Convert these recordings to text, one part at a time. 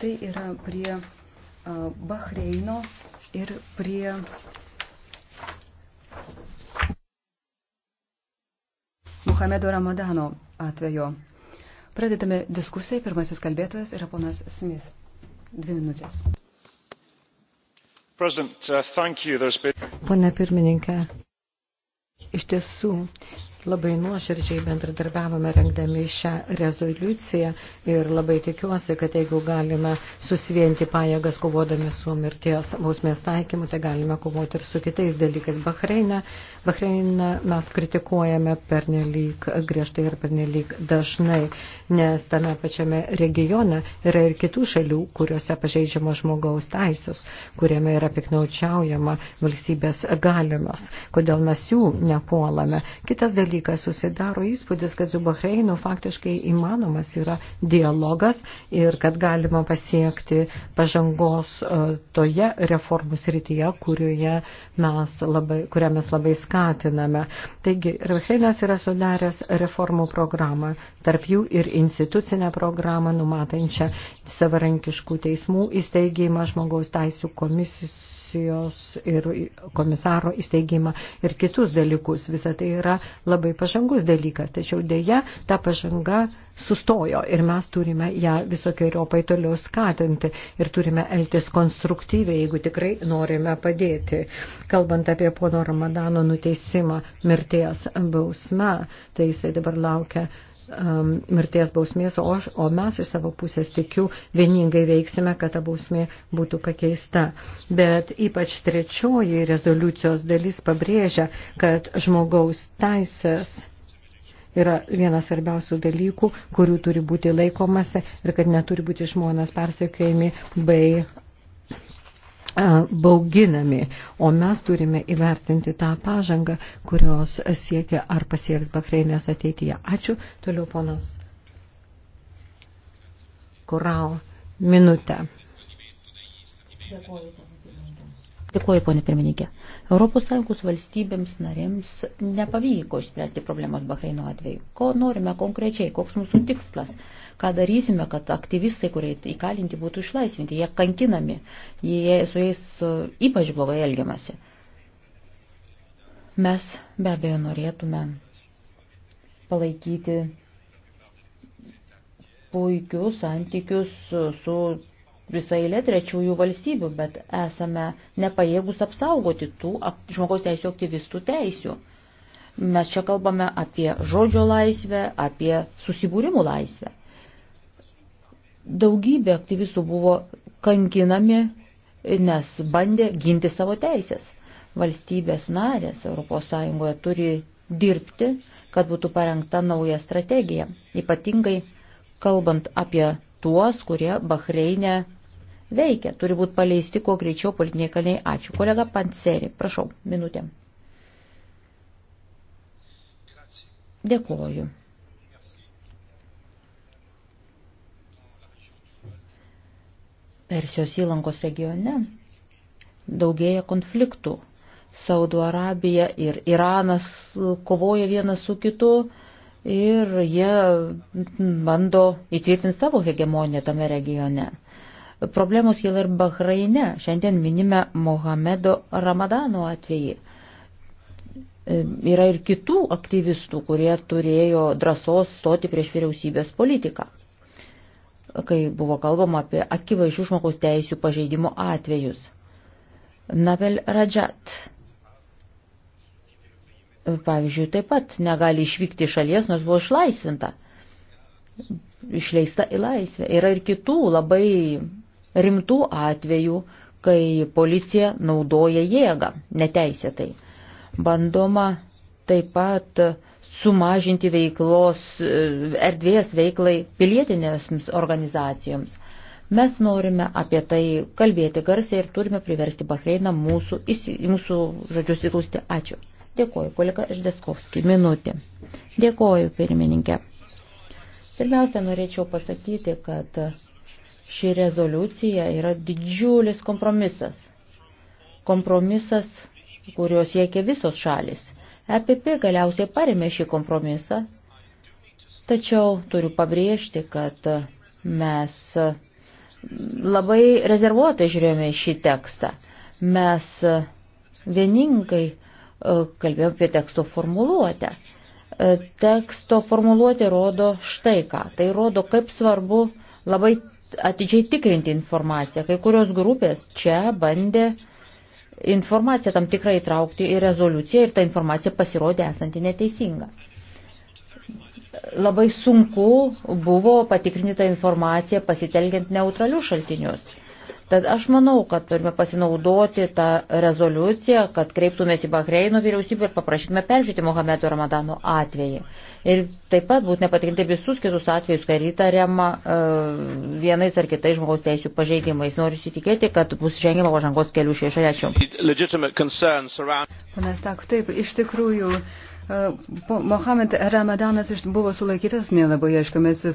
Tai yra prie Bahreino ir prie Muhamedo Ramadano atvejo. Pradedame diskusiją. Pirmasis kalbėtojas yra ponas Smith. Dvi minutės. Uh, Pone pirmininkė, iš tiesų labai nuoširdžiai bendradarbiavome rengdami šią rezoliuciją ir labai tikiuosi, kad jeigu galime susivienti pajėgas kovodami su mirties bausmės taikymu, tai galime kovoti ir su kitais dalykais. Bahreina, Bahreina mes kritikuojame pernelyg griežtai ir pernelyg dažnai, nes tame pačiame regione yra ir kitų šalių, kuriuose pažeidžiama žmogaus teisės, kuriame yra piknaučiaujama valstybės galimas. Kodėl mes jų nepuolame? Kitas dalykas dalykas susidaro įspūdis, kad su Bahreinu faktiškai įmanomas yra dialogas ir kad galima pasiekti pažangos e, toje reformų srityje, kurioje mes labai, kurią mes labai skatiname. Taigi, Bahreinas yra sudaręs reformų programą, tarp jų ir institucinę programą numatančią savarankiškų teismų įsteigimą žmogaus teisų komisijos institucijos ir komisaro įsteigimą ir kitus dalykus. Visa tai yra labai pažangus dalykas, tačiau dėja ta pažanga sustojo ir mes turime ją visokiojopai toliau skatinti ir turime elgtis konstruktyviai, jeigu tikrai norime padėti. Kalbant apie pono Ramadano nuteisimą mirties bausme, tai jisai dabar laukia um, mirties bausmės, o, aš, o mes iš savo pusės tikiu vieningai veiksime, kad ta bausmė būtų pakeista. Bet ypač trečioji rezoliucijos dalis pabrėžia, kad žmogaus teisės yra vienas svarbiausių dalykų, kurių turi būti laikomasi ir kad neturi būti žmonės persekiojami bei E, bauginami, o mes turime įvertinti tą pažangą, kurios siekia ar pasieks Bahreinės ateityje. Ačiū. Toliau ponas Kurau. Minutę. Dėkuoju, ponė pirmininkė. ES valstybėms narėms nepavyko išspręsti problemos Bahreino atveju. Ko norime konkrečiai, koks mūsų tikslas? ką darysime, kad aktyvistai, kurie įkalinti, būtų išlaisvinti. Jie kankinami, jie su jais e, ypač blogai elgiamasi. Mes be abejo norėtume palaikyti puikius santykius su visai lė trečiųjų valstybių, bet esame nepajėgus apsaugoti tų žmogaus teisų aktyvistų teisių. Mes čia kalbame apie žodžio laisvę, apie susibūrimų laisvę. Daugybė aktyvistų buvo kankinami, nes bandė ginti savo teisės. Valstybės narės ES turi dirbti, kad būtų parengta nauja strategija, ypatingai kalbant apie tuos, kurie Bahreinė veikia. Turi būti paleisti kuo greičiau politiniai kaliniai. Ačiū. Kolega Panseri, prašau, minutė. Dėkuoju. Persijos įlankos regione daugėja konfliktų. Saudo Arabija ir Iranas kovoja vienas su kitu ir jie bando įtvirtinti savo hegemoniją tame regione. Problemos kyla ir Bahraine. Šiandien minime Mohamedo Ramadano atvejį. Yra ir kitų aktyvistų, kurie turėjo drąsos stoti prieš vyriausybės politiką kai buvo kalbama apie akivaizdžių žmogaus teisų pažeidimo atvejus. Nabel Radžat, pavyzdžiui, taip pat negali išvykti iš šalies, nors buvo išlaisvinta, išleista į laisvę. Yra ir kitų labai rimtų atvejų, kai policija naudoja jėgą neteisėtai. Bandoma taip pat uh, sumažinti veiklos e, erdvės veiklai pilietinėms organizacijoms. Mes norime apie tai kalbėti garsiai ir turime priversti Bahreiną mūsų, įsi, mūsų žodžius įklausti. Ačiū. Dėkoju, kolega Ždeskovski. Minutė. Dėkoju, pirmininkė. Pirmiausia, norėčiau pasakyti, kad ši rezoliucija yra didžiulis kompromisas. Kompromisas, kurio siekia visos šalis EPP galiausiai paremė šį kompromisą, tačiau turiu pabrėžti, kad mes labai rezervuotai žiūrėjome šį tekstą. Mes vieningai e, kalbėjome apie teksto formuluotę. E, teksto formuluotė rodo štai ką. Tai rodo, kaip svarbu labai atidžiai tikrinti informaciją. Kai kurios grupės čia bandė uh, informaciją tam tikrą įtraukti į rezoliuciją ir ta informacija pasirodė esanti neteisinga. Labai sunku buvo patikrinti tą informaciją pasitelkiant neutralius šaltinius. Tad aš manau, kad turime pasinaudoti tą rezoliuciją, kad kreiptumės į Bahreino vyriausybę ir paprašytume peržiūrėti Mohamedo Ramadano atvejį. Ir taip pat būtų nepatikrinti visus kitus atvejus, kai įtariama e, vienais ar kitais žmogaus teisų pažeidimais. Noriu įsitikėti, kad bus žengima pažangos kelių šioje šalia. Ačiū. Panas Tak, taip, iš tikrųjų. E, Mohamed Ramadanas buvo sulaikytas nelabai aiškiomis e,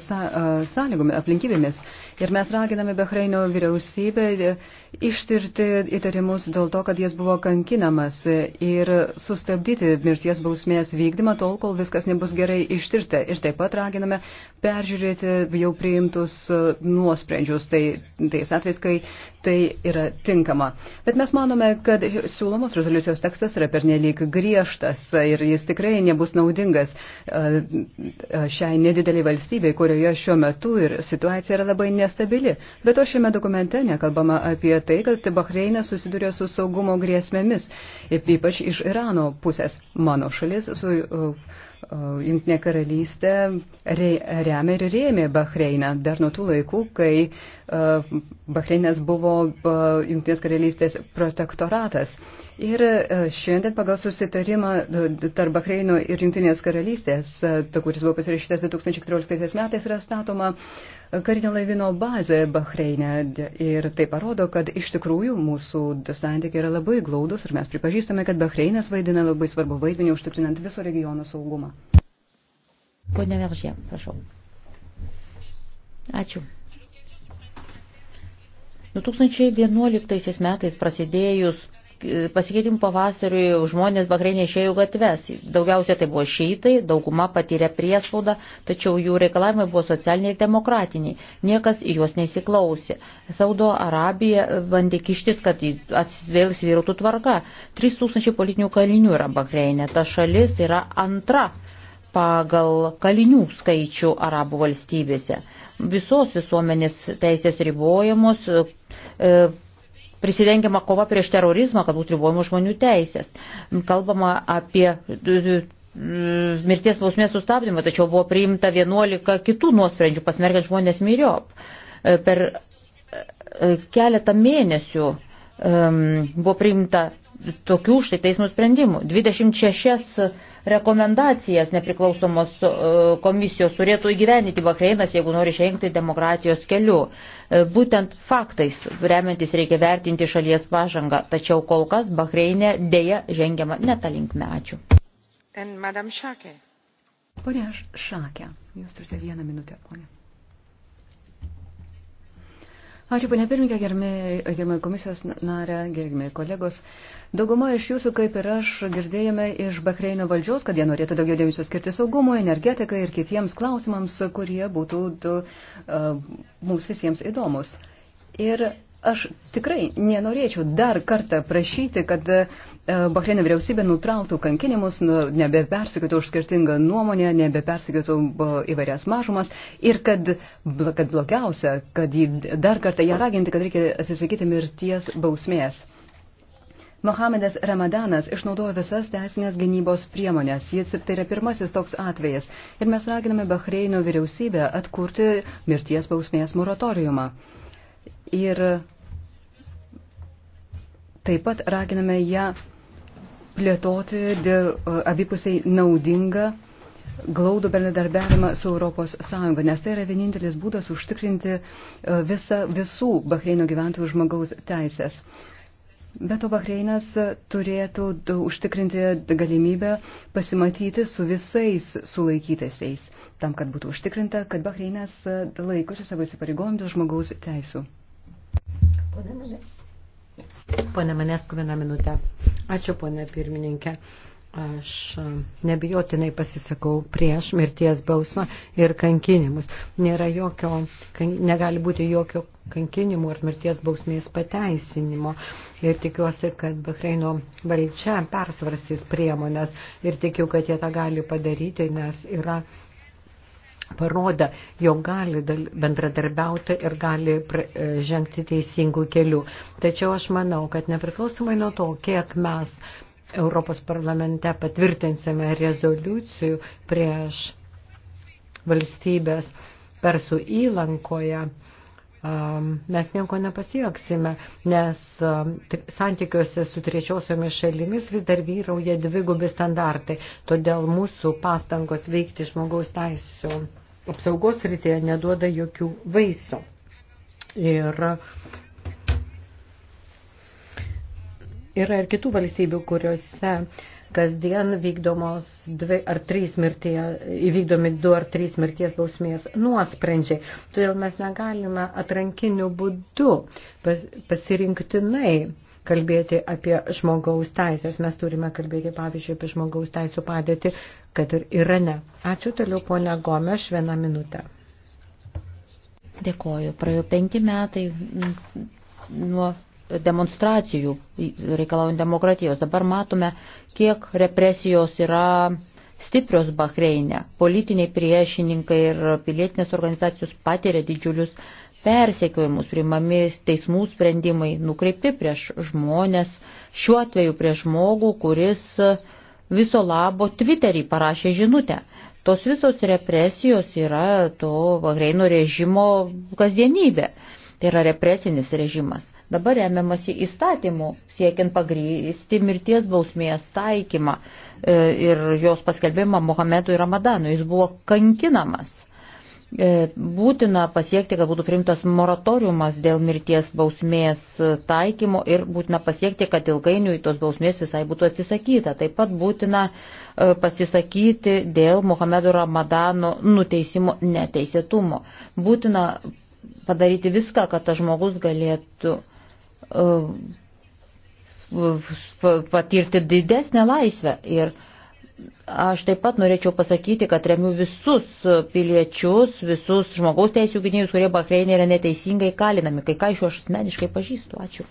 sąlygomis, aplinkybėmis. Ir mes raginame Bahreino vyriausybę e, ištirti įtarimus dėl to, kad jis buvo kankinamas ir sustabdyti mirties bausmės vykdymą tol, kol viskas nebus gerai ištirta. Ir taip pat raginame peržiūrėti jau priimtus nuosprendžius tai, tais atvejais, kai tai yra tinkama. Bet mes manome, kad siūlomos rezoliucijos tekstas yra pernelyg griežtas ir jis tik tikrai nebus naudingas e, e, šiai nedideliai valstybei, kurioje šiuo metu ir situacija yra labai nestabili. Bet o šiame dokumente nekalbama apie tai, kad Bahreinė susiduria su saugumo grėsmėmis, ypač iš Irano pusės. Mano šalis su e, Junktinė karalystė remia ir rėmė Bahreiną dar nuo tų laikų, kai Bahreinas buvo Junktinės karalystės protektoratas. Ir e, šiandien pagal susitarimą tarp Bahreino ir Junktinės karalystės, e, kuris buvo pasirašytas 2014 metais, yra statoma e, karinio laivino bazė Bahreinė. Ir tai parodo, kad iš tikrųjų mūsų santykiai yra labai glaudus ir mes pripažįstame, kad Bahreinas vaidina labai svarbu vaidmenį užtikrinant viso regiono saugumą. Pone Veržė, prašau. Ačiū. 2011 metais prasidėjus pasikeitimų pavasariui žmonės Bahreinė išėjo gatves. Daugiausia tai buvo šeitai, dauguma patyrė priespaudą, tačiau jų reikalavimai buvo socialiniai ir demokratiniai. Niekas į juos neįsiklausė. Saudo Arabija bandė kištis, kad vėl svyrutų tvarka. 3000 politinių kalinių yra Bahreinė. Ta šalis yra antra pagal kalinių skaičių arabų valstybėse. Visos visuomenės teisės ribojamos. E, prisidengiama kova prieš terorizmą, kad būtų ribojamos žmonių teisės. Kalbama apie e, e, mirties bausmės sustabdymą, tačiau buvo priimta 11 kitų nuosprendžių pasmerkiant žmonės myriop. E, per keletą mėnesių um, buvo priimta tokių štai teismų sprendimų. 26 rekomendacijas nepriklausomos e, komisijos turėtų įgyveninti Bahreinas, jeigu nori žengti demokratijos keliu. E, būtent faktais remiantis reikia vertinti šalies pažangą, tačiau kol kas Bahreinė dėja žengiama netą linkme. Ačiū. Pone Šakė, jūs turite vieną minutę, ponė. Ačiū, ponia pirmininkė, gerbimi komisijos narė, gerbimi kolegos. Dauguma iš jūsų, kaip ir aš, girdėjome iš Bahreino valdžios, kad jie norėtų daugiau dėmesio skirti saugumui, energetikai ir kitiems klausimams, kurie būtų du, uh, mums visiems įdomus. Ir aš tikrai nenorėčiau dar kartą prašyti, kad E, Bahreino vyriausybė nutrauktų kankinimus, nu, nebepersikėtų už skirtingą nuomonę, nebepersikėtų e, įvairias mažumas ir kad, kad blogiausia, kad jį dar kartą ją raginti, kad reikia atsisakyti mirties bausmės. Mohamedas Ramadanas išnaudojo visas teisinės gynybos priemonės. Jis tai yra pirmasis toks atvejas. Ir mes raginame Bahreino vyriausybę atkurti mirties bausmės moratoriumą. Ir taip pat raginame ją plėtoti e, abipusiai naudingą glaudų bendradarbiavimą su ES, nes tai yra vienintelis būdas užtikrinti e, visa, visų Bahreino gyventojų žmogaus teisės. Be to, Bahreinas turėtų užtikrinti galimybę pasimatyti su visais sulaikytaisiais, tam, kad būtų užtikrinta, kad Bahreinas e, laikosi savo įsipareigojimų dėl žmogaus teisų. Pone Manesku, vieną minutę. Ačiū, ponė pirmininkė. Aš nebijotinai pasisakau prieš mirties bausmą ir kankinimus. Nėra jokio, negali būti jokio kankinimų ar mirties bausmės pateisinimo. Ir tikiuosi, kad Bahreino valdžia persvarsys priemonės ir tikiu, kad jie tą gali padaryti, nes yra parodė, jog gali bendradarbiauti ir gali e, žengti teisingų kelių. Tačiau aš manau, kad nepriklausomai nuo to, kiek mes Europos parlamente patvirtinsime rezoliucijų prieš valstybės persų įlankoje, mes nieko nepasieksime, nes santykiuose su trečiosiomis šalimis vis dar vyrauja dvigubi standartai. Todėl mūsų pastangos veikti žmogaus teisų apsaugos rytėje neduoda jokių vaisių. Ir yra ir kitų valstybių, kuriuose uh, kasdien vykdomos dvi ar trys mirtie, įvykdomi du ar trys mirties bausmės nuosprendžiai. Todėl mes negalime atrankiniu būdu pas, pasirinktinai kalbėti apie žmogaus teisės. Mes turime kalbėti, pavyzdžiui, apie žmogaus teisų padėtį, kad ir Irane. Ačiū toliau, ponia Gomeš, vieną minutę. Dėkoju. Praėjo penki metai nuo demonstracijų reikalaujant demokratijos. Dabar matome, kiek represijos yra stiprios Bahreinė. Politiniai priešininkai ir pilietinės organizacijos patiria didžiulius persekiojimus, primami teismų sprendimai, nukreipti prieš žmonės, šiuo atveju prieš žmogų, kuris viso labo Twitterį parašė žinutę. Tos visos represijos yra to Bahreino režimo kasdienybė. Tai yra represinis režimas. Dabar remiamasi įstatymu, siekiant pagrysti mirties bausmės taikymą e, ir jos paskelbimą Mohamedui Ramadanui. Jis buvo kankinamas. E, būtina pasiekti, kad būtų primtas moratoriumas dėl mirties bausmės taikymo ir būtina pasiekti, kad ilgainiui tos bausmės visai būtų atsisakyta. Taip pat būtina e, pasisakyti dėl Mohamedo Ramadano nuteisimo neteisėtumo. Būtina padaryti viską, kad tas žmogus galėtų Uh, patirti didesnę laisvę. Ir aš taip pat norėčiau pasakyti, kad remiu visus piliečius, visus žmogaus teisų gynėjus, kurie Bahreinė yra neteisingai kalinami. Kai ką iš jų aš asmeniškai pažįstu. Ačiū.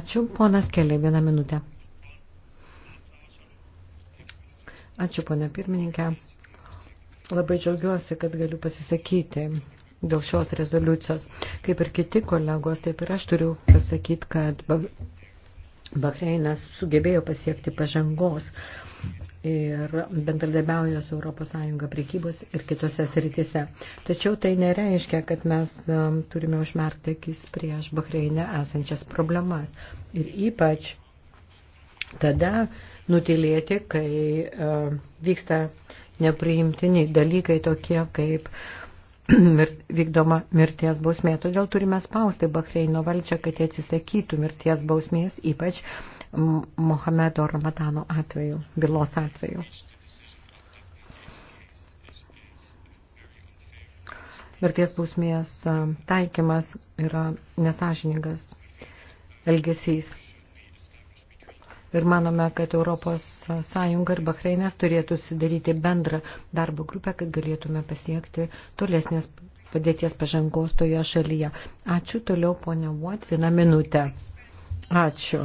Ačiū, ponas Kelly, vieną minutę. Ačiū, ponė pirmininkė. Labai džiaugiuosi, kad galiu pasisakyti dėl šios rezoliucijos. Kaip ir kiti kolegos, taip ir aš turiu pasakyti, kad Bahreinas sugebėjo pasiekti pažangos ir bendradarbiauja su ES priekybos ir kitose sritise. Tačiau tai nereiškia, kad mes turime užmerkti akis prieš Bahreinę esančias problemas. Ir ypač tada nutilėti, kai vyksta nepriimtini dalykai tokie kaip uh, vykdoma mirties bausmė. Todėl turime spausti Bahreino valdžią, kad jie atsisakytų mirties bausmės, ypač Mohamedo Ramadano atveju, bylos atveju. Mirties bausmės taikymas yra nesažiningas elgesys ir manome, kad Europos Sąjunga ir Bahreinas turėtų sudaryti bendrą darbo grupę, kad galėtume pasiekti tolesnės padėties pažangos toje šalyje. Ačiū toliau, ponia Vuot, vieną minutę. Ačiū.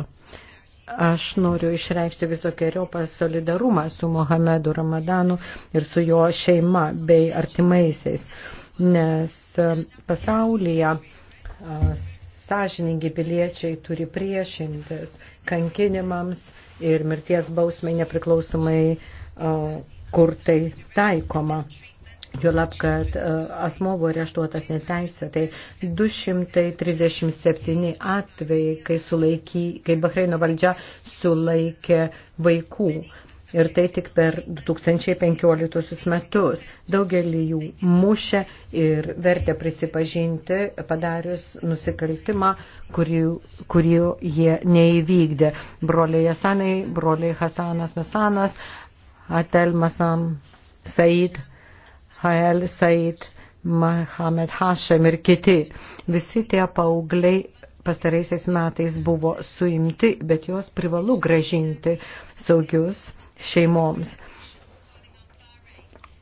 Aš noriu išreikšti visokiojopą solidarumą su Mohamedu Ramadanu ir su jo šeima bei artimaisiais, nes pasaulyje Sąžiningi piliečiai turi priešintis kankinimams ir mirties bausmai nepriklausomai, kur tai taikoma. Juolab, kad asmo buvo areštuotas neteisėtai. 237 atvejai, kai, sulaiky, kai Bahreino valdžia sulaikė vaikų ir tai tik per 2015 metus. Daugelį jų mušė ir vertė prisipažinti padarius nusikaltimą, kurį, kurį jie neįvykdė. Broliai Jasanai, broliai Hasanas Mesanas, Atel Masam Said, Hael Said, Mohamed Hashem ir kiti. Visi tie paaugliai pastaraisiais metais buvo suimti, bet juos privalu gražinti saugius šeimoms.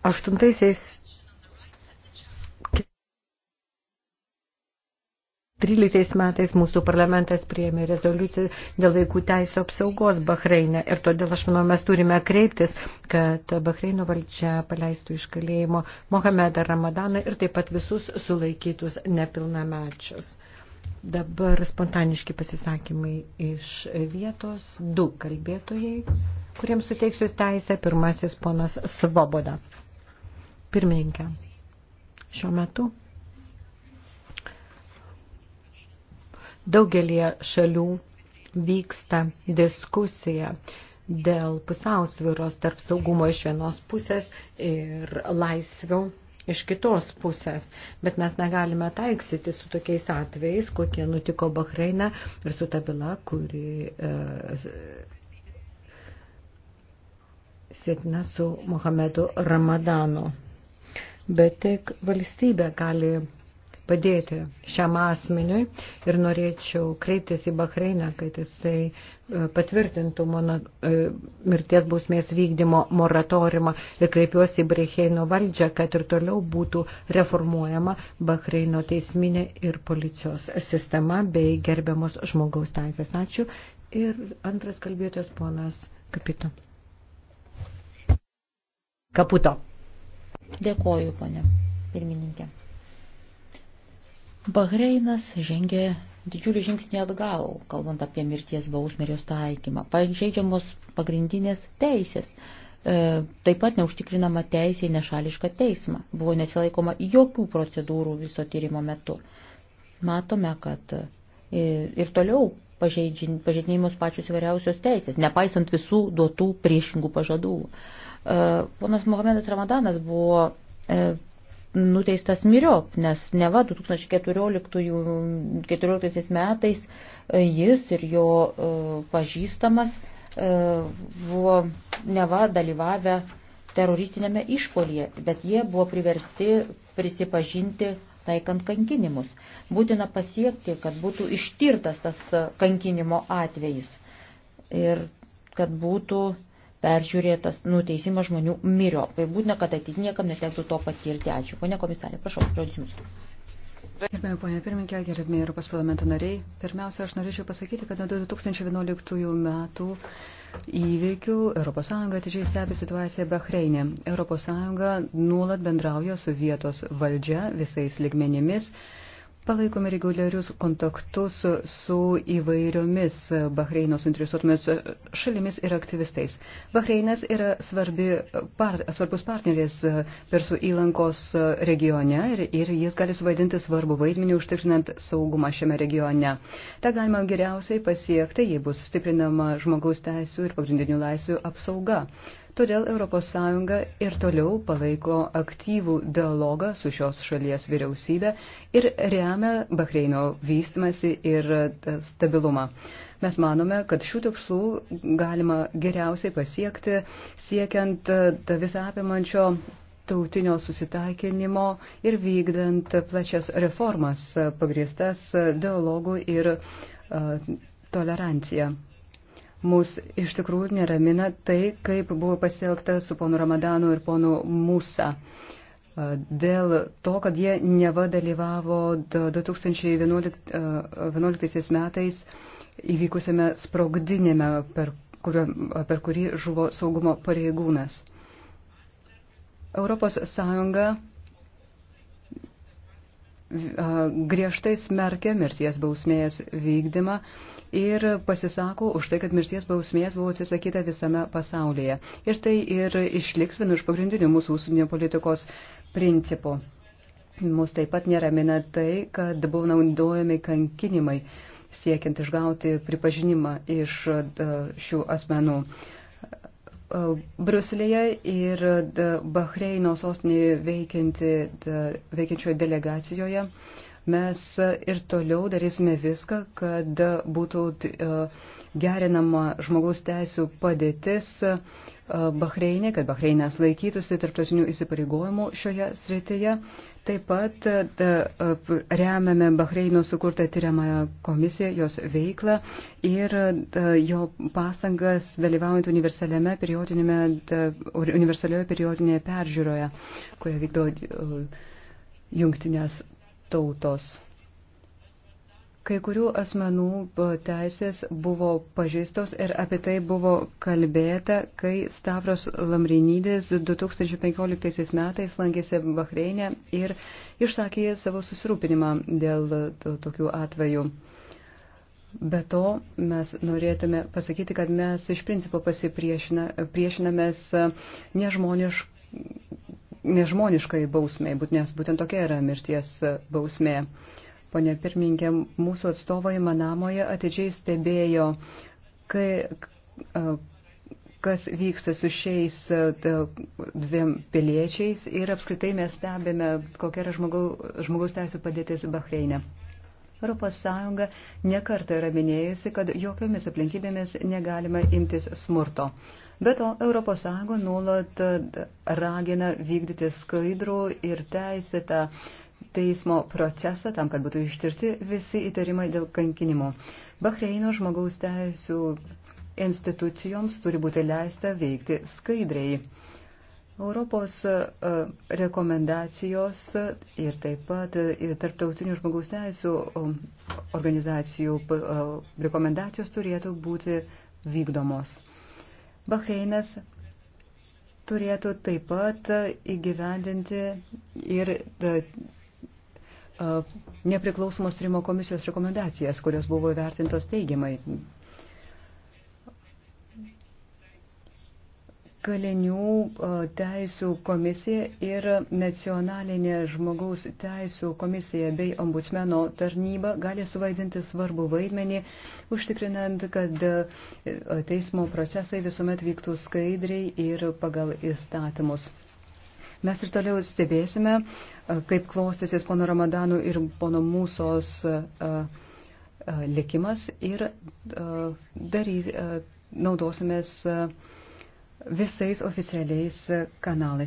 Aštuntaisiais 13 metais mūsų parlamentas priėmė rezoliuciją dėl vaikų teisų apsaugos Bahreinė ir todėl aš manau mes turime kreiptis, kad Bahreino valdžia paleistų iš kalėjimo Mohamedą Ramadaną ir taip pat visus sulaikytus nepilnamečius. Dabar spontaniški pasisakymai iš vietos, du kalbėtojai kuriems suteiksiu teisę. Pirmasis ponas Svoboda. Pirmininkė. Šiuo metu daugelie šalių vyksta diskusija dėl pusiausvyros tarp saugumo iš vienos pusės ir laisvių iš kitos pusės. Bet mes negalime taiksyti su tokiais atvejais, kokie nutiko Bahreina ir su ta byla, kuri e, sėtina su Mohamedu Ramadanu. Bet tik valstybė gali padėti šiam asmeniui ir norėčiau kreiptis į Bahreiną, kad jisai e, patvirtintų mano e, mirties bausmės vykdymo moratoriumą ir kreipiuosi į Bahreino valdžią, kad ir toliau būtų reformuojama Bahreino teisminė ir policijos sistema bei gerbiamos žmogaus teisės. Ačiū. Ir antras kalbėtojas ponas Kapito. Kaputo. Dėkoju, ponė pirmininkė. Bahreinas žengė didžiulį žingsnį atgal, kalbant apie mirties bausmę ir jos taikymą. Pažeidžiamos pagrindinės teisės. E, taip pat neužtikrinama teisė į nešališką teismą. Buvo nesilaikoma jokių procedūrų viso tyrimo metu. Matome, kad e, ir toliau pažeidinimus pačius įvairiausios teisės, nepaisant visų duotų priešingų pažadų. E, E, ponas Mohamedas Ramadanas buvo e, nuteistas miriop, nes neva 2014 metais e, jis ir jo pažįstamas buvo neva dalyvavę teroristinėme išpolyje, bet jie buvo priversti prisipažinti taikant kankinimus. Būtina pasiekti, kad būtų ištirtas tas kankinimo atvejis ir kad būtų uh, peržiūrėtas nuteisimas žmonių mirio. Tai būtina, kad ateityje niekam netektų to patirti. Ačiū. Pone komisarė, prašau, žodis jums. Gerbėjai, ponia pirmininkė, gerbėjai Europos parlamento nariai, pirmiausia, aš norėčiau pasakyti, kad nuo 2011 metų įveikių ES atidžiai stebi situaciją Bahreinė. ES nuolat bendrauja su vietos valdžia visais ligmenimis Palaikome reguliarius kontaktus su įvairiomis Bahreino suinteresuotomis šalimis ir aktyvistais. Bahreinas yra svarbi, par, svarbus partneris Persų įlankos regione ir, ir jis gali suvaidinti svarbu vaidmenį užtikrinant saugumą šiame regione. Ta galima geriausiai pasiekti, jei bus stiprinama žmogaus teisų ir pagrindinių laisvių apsauga. Todėl ES ir toliau palaiko aktyvų dialogą su šios šalies vyriausybė ir remia Bahreino vystimasi ir stabilumą. Mes manome, kad šių tikslų galima geriausiai pasiekti siekiant e, visą apimančio tautinio susitaikinimo ir vykdant plačias reformas e, pagristas e, dialogų ir uh, toleranciją. Mūsų iš tikrųjų neramina tai, kaip buvo pasielgta su ponu Ramadanu ir ponu Musa. Dėl to, kad jie nevadalyvavo 2011 metais įvykusiame sprogdinėme, per, kurio, per kurį žuvo saugumo pareigūnas. Europos Sąjunga griežtai smerkia mirties bausmės vykdymą ir pasisako už tai, kad mirties bausmės buvo atsisakyta visame pasaulyje. Ir tai ir išliks vienu iš pagrindinių mūsų užsienio politikos principų. Mūsų taip pat neramina tai, kad buvo naudojami kankinimai siekiant išgauti pripažinimą iš e, šių asmenų. E, Bruselėje ir e, Bahreino sostinėje veikiančioje delegacijoje uh, mes ir toliau darysime viską, kad būtų e, gerinama žmogaus teisų padėtis e, Bahreinė, kad Bahreinas laikytųsi tarptautinių įsipareigojimų šioje srityje. Taip pat e, remiame Bahreino sukurtą tyriamąją komisiją, jos veiklą ir jo pastangas dalyvaujant universalioje periodinėje peržiūroje, kurią vykdo jungtinės tautos. Kai kurių asmenų e, teisės buvo pažįstos ir apie tai buvo kalbėta, kai Stavros Lamrinydės 2015 metais lankėsi Bahreinė ir išsakė savo susirūpinimą dėl tokių atvejų. Be to, mes norėtume pasakyti, kad mes iš principo pasipriešinamės e, nežmoniškai nežmoniškai bausmiai, nes būtent tokia yra mirties bausmė. Pone pirmininkė, mūsų atstovai Manamoje atidžiai stebėjo, kai, kas vyksta su šiais dviem piliečiais ir apskritai mes stebime, kokia yra žmogaus, žmogaus teisų padėtis Bahreinė. ES nekartą yra minėjusi, kad jokiomis aplinkybėmis negalima imtis smurto. Be to, ES nuolat ragina vykdyti skaidrų ir teisėtą teismo procesą tam, kad būtų ištirti visi įtarimai dėl kankinimo. Bahreino žmogaus teisų institucijoms turi būti leista veikti skaidriai. Europos e, rekomendacijos ir taip pat ir e, tarptautinių žmogaus teisų e, organizacijų rekomendacijos turėtų būti vykdomos. Bahreinas turėtų taip pat įgyvendinti ir nepriklausomos trimo komisijos rekomendacijas, kurios buvo įvertintos teigiamai kalinių teisų komisija ir nacionalinė žmogaus teisų komisija bei ombudsmeno tarnyba gali suvaidinti svarbų vaidmenį, užtikrinant, kad e, teismo procesai visuomet vyktų skaidriai ir pagal įstatymus. Mes ir toliau stebėsime, e, kaip klostysis pono Ramadanų ir pono Mūsos e, likimas ir darys, naudosimės visais oficialiais kanalais.